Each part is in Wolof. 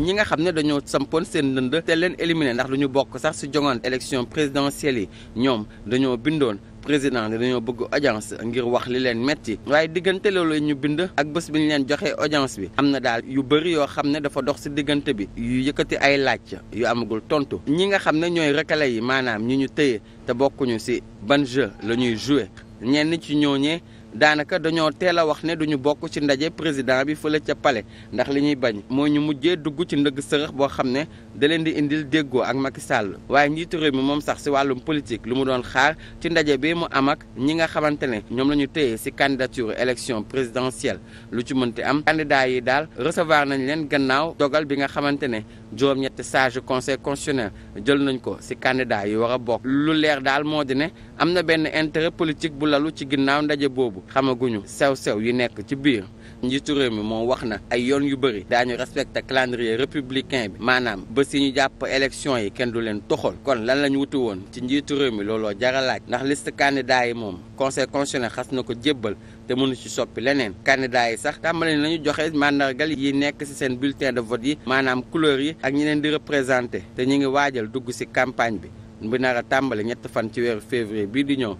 ñi nga xam ne dañoo sampoon seen ndënd te leen éliminé ndax lu ñu bokk sax si jongante élection présidentielle yi ñoom dañoo bindoon président ne dañoo bëgg audience ngir wax li leen metti waaye diggante loolu ñu bind ak bés bi ñu leen joxe audience bi am na daal yu bëri yoo xam ne dafa dox ci diggante bi yu yëkkati ay laaj yu amagul tontu ñi nga xam ne ñooy recalés yi maanaam ñi ñu tëye te bokkuñu ci ban jeu la ñuy jouer ñenn ci ñooñee daanaka dañoo teel a wax ne duñu bokk ci ndaje président bi fële ca pale ndax li ñuy bañ moo ñu mujjee dugg ci ndëgg sërëx boo xam ne da leen di indil déggoo ak Macky Sall waaye njiitu réew mi moom sax si wàllum politique lu mu doon xaar ci ndaje bi mu am ak ñi nga xamante ne ñoom la ñu téye si candidature élection présidentielle lu ci mënti am candidat yi daal recevoir nañ leen gannaaw dogal bi nga xamante ne juróom-ñetti sage conseil constitutionnel jël nañ ko si candidat yi war a bokk lu leer daal moo di ne am na benn intérêt politique bu lalu ci ginnaaw ndaje boobu boobu xamaguñu sew-sew yu nekk ci biir njiitu réew mi moom wax na ay yoon yu bëri daañu respecté calendrier républicain bi maanaam ba si ñu jàpp élection yi kenn du leen toxal kon lan la ñu wuti woon ci njiitu réew mi looloo jaralaaj ndax liste candidat yi moom conseil ne xas na ko jébbal te mënu ci soppi leneen candidat yi sax tàmbali nañu joxe mandargal yi nekk ci seen bulletin de vote yi maanaam couleur yi ak ñi leen di représenté te ñu ngi waajal dugg ci campagne bi bu nar a tàmbali ñett fan ci weeru février bii di ñëw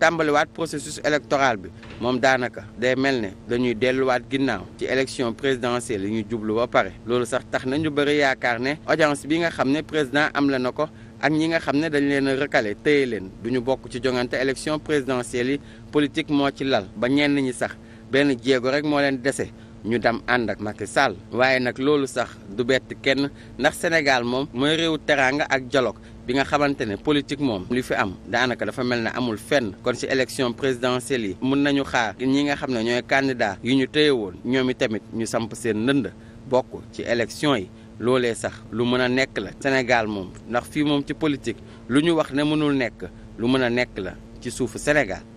tàmbaliwaat processus électoral bi moom daanaka day mel ne dañuy delluwaat ginnaaw ci élection présidentielle yi ñu jublu ba pare loolu sax tax na ñu bëri yaakaar ne audience bi nga xam ne président am la na ko ak ñi nga xam ne dañu leen a recalé téye leen du ñu bokk ci joŋante élection présidentielle yi politique moo ci lal ba ñenn ñi sax benn jéego rek moo leen dese. ñu dem ànd ak Macky Sall waaye nag loolu sax du bett kenn ndax Sénégal moom mooy réewu teraanga ak jaloog bi nga xamante ne politique moom li fi am daanaka dafa mel ne amul fenn kon ci élection présidentielle yi mun nañu xaar ñi nga xam ne ñooy candidat yu ñu téye woon ñoom i tamit ñu samp seen ndënd bokk ci élection yi loolee sax lu mën a nekk la Sénégal moom ndax fii moom ci politique lu ñu wax ne mënul nekk lu mën a nekk la ci suufu Sénégal